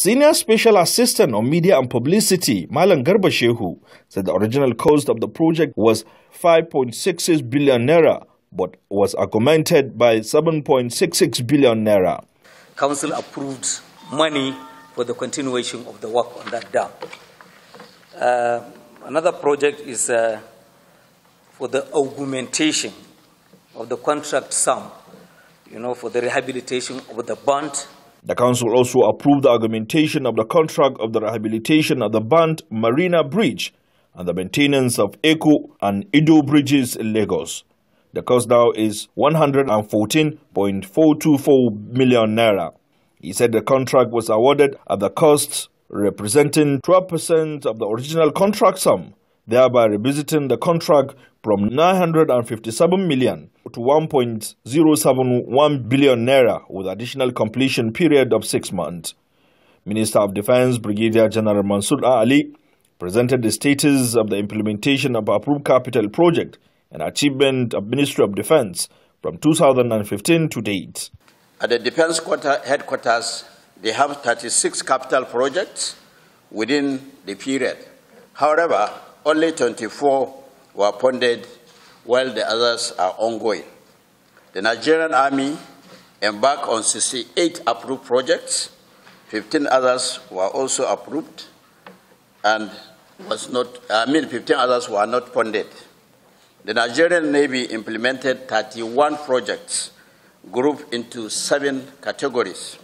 Senior Special Assistant on Media and Publicity, Malan Garba Shehu, said the original cost of the project was 5.66 billion naira, but was augmented by 7.66 billion naira. Council approved money for the continuation of the work on that dam. Uh, another project is uh, for the augmentation of the contract sum, you know, for the rehabilitation of the burnt. The council also approved the augmentation of the contract of the rehabilitation of the Band Marina Bridge and the maintenance of Eco and Ido bridges in Lagos. The cost now is 114.424 million naira. He said the contract was awarded at the cost representing 12% of the original contract sum thereby revisiting the contract from 957 million to 1.071 billion naira with additional completion period of 6 months. Minister of Defense Brigadier General Mansour Ali presented the status of the implementation of approved capital project and achievement of Ministry of Defense from 2015 to date. At the Defense Headquarters, they have 36 capital projects within the period. However, only 24 were appointed, while the others are ongoing. The Nigerian Army embarked on 68 approved projects. 15 others were also approved and was not, I mean, 15 others were not funded. The Nigerian Navy implemented 31 projects grouped into seven categories.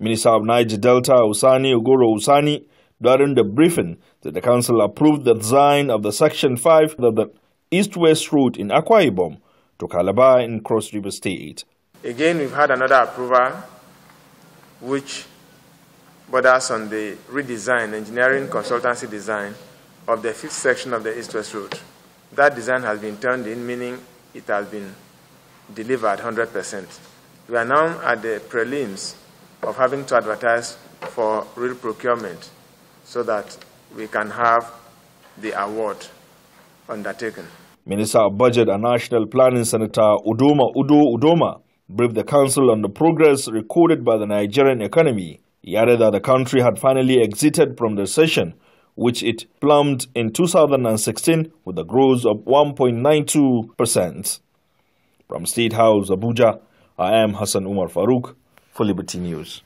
Minister of Niger Delta, Usani Uguru Usani, during the briefing, the council approved the design of the Section 5 of the east-west route in Akwa Ibom to Calabar in Cross River State. Again, we've had another approval which borders on the redesign, engineering consultancy design of the fifth section of the east-west road. That design has been turned in, meaning it has been delivered 100%. We are now at the prelims of having to advertise for real procurement so that we can have the award undertaken. Minister of Budget and National Planning Senator Udoma Udo Udoma briefed the Council on the progress recorded by the Nigerian economy. He added that the country had finally exited from the recession, which it plumbed in 2016 with a growth of 1.92%. From State House, Abuja, I am Hassan Umar Farouk for Liberty News.